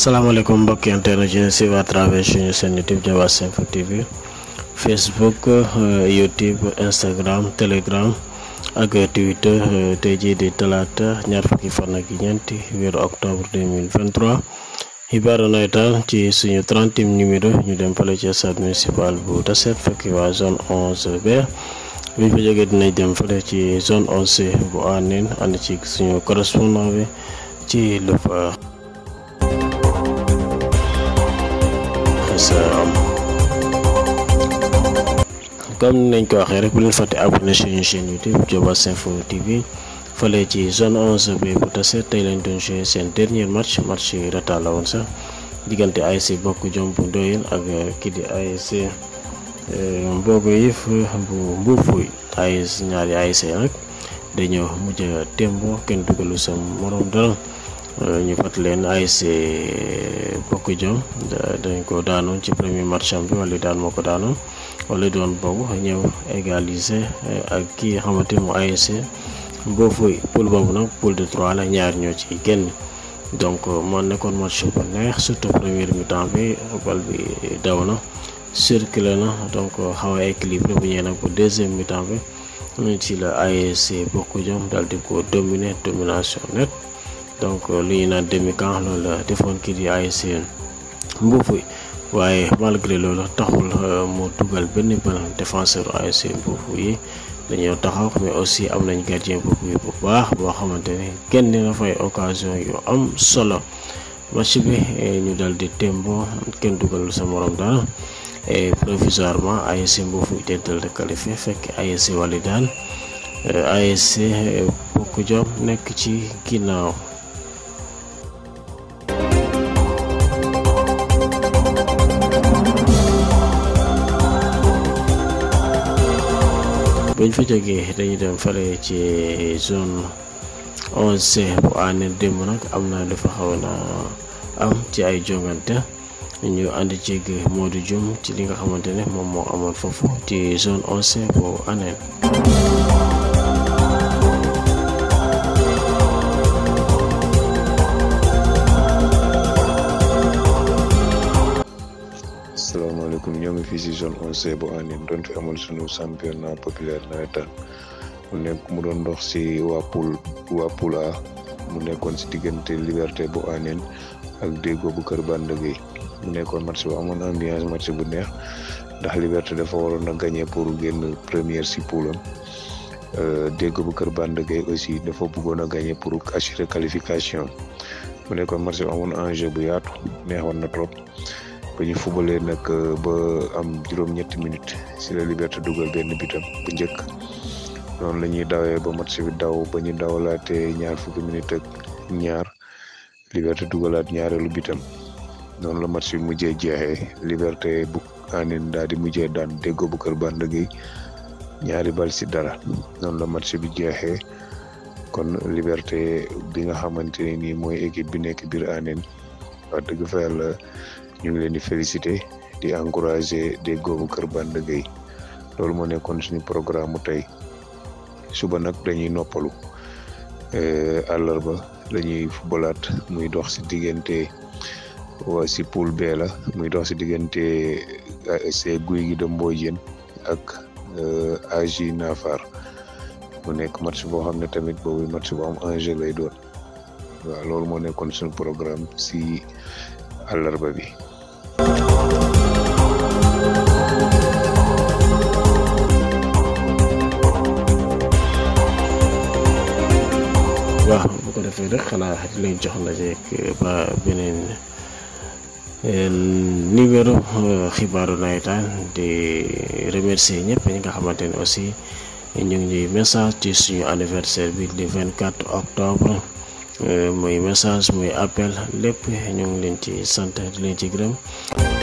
salaamaaleykum mbokki internet yi ci à travers suñu seen YouTube Jaaba Info TV Facebook euh, YouTube Instagram Telegram ak Twitter euh, tey jii di talaata ñaar fukki fan ak ñeenti weeru octobre 2023 xibaaru nawetaan ci suñu 30e ñu dem fële ci stade bu Tassette fekki waa zone 11B fa jógee dinañ dem fële ci zone 11 bu Anéne ànd ci suñu correspondant bi ci lu fa asalaam comme nañ ko waxee rek bu leen fàtte abonné suñu chaîne YouTube Diobass Info TV fële ci zone 11 bi bu tase tey lañ seen dernier match match retard la woon sax diggante ASC bokk jom bu ak euh, kii di ASC euh, Mbogo Yëf bu Mbour Fouye ASC ñaari ASC nag dañoo mujj a kenn dugalu sa morom dara Euh, ñu fàttali leen ASC Bokk Jom dañ ko daanoon ci premier match am bi wala daan moo ko daanu wala doon boobu ñëw égaliser euh, ak ki nga xamante mu ASC boo fay poule boobu nag poule de trois la ñaar ñoo ci génn donc euh, moo nekkoon match bu neex surtout première mi bi bal bi daw na circulé na donc xaw a équilibré bu ñëwee nag bu deuxième mi mu bi ci la ASC Bokk Jom daal di ko dominer domination net donc euh, lu ñu naan demi camp loolu defoon kii di ASC Mbofu waaye malgré loolu taxul euh, mu dugal benn bal défenseur ASC Mbofu yi dañoo taxaw mais aussi am nañ gardien Mbofu yi bu baax boo xamante ne kenn na occasion yu am solo match bi eh, ñu dal di tembo kenn dugalul sa morom dara eh, provisoirement ASC Mbofu tental de qualifier fekk ASC Walidane eh, ASC Bokk Job nekk ci ginnaaw. bañ fa jógee dañu dem fale ci zone onze bu ànd démb nag am na dafa fa xawoon a am ci ay jongante ñu ànd moo Modou Dioum ci li nga xamante ne moom moo amoon foofu ci zone onze bu ànd. ngi fii si zone 11 bu Anin doon fi amal sunu championnat uh, populaire nawetaan mu nekk mu doon dox si waa poule A mu nekkoon si diggante Liberté bu Anin ak dégo bu Kër Bandëgëy mu nekkoon match bu amoon ambiance match bu neex ndax Liberté dafa waroon a gagné pour génn première si poulam euh, dégo bu Kër Bandëgëy aussi dafa bëggoon a gagné pour assurer qualification mu nekkoon match bu amoon enjeu bu yaatu neexoon na trop. ba footballé nak eh, ba am juroom ñetti minute si la liberté duggal benn bitam bu njëkk non lañuy dawé ba match bi daw ba ñu dawalaatee ñaar fukki minute ak ñaar liberté dugalaat ñaareelu bitam non la match bi mujjé jéxé liberté bu anin daal di mujjee daan déggoo bu kër bànd gi ñaari bal ci dara non la match bi jéxé kon liberté bi nga xamante ni mooy équipe bi nek bir anen wa deug fa yalla ñu ngi leen di féliciter di encourager déggoo bu kër Balla Gaye loolu moo nekkoon suñu programme tey suba nag dañuy noppalu àllarba eh, la ñuy footballaat muy dox si diggante waa si poul B la muy dox si diggante ASC eh, guy gi de Mbodiène ak eh, AJ Nafar mu nekk match boo xam ne tamit boobu match bu am jeu lay doon waaw loolu moo nekkoon suñu programme si àllarba bi baax bu ko defee rek xanaa di leen jox ndajeek eh, ba beneen eh, numéro eh, xibaaru nawetaan di remercier ñëpp ñi nga xamante ne aussi ñu ngi ñuy message ci suñu anniversaire bi di 24 octobre muy message muy appel lépp ñu ngi leen ci sant di leen ci gërëm.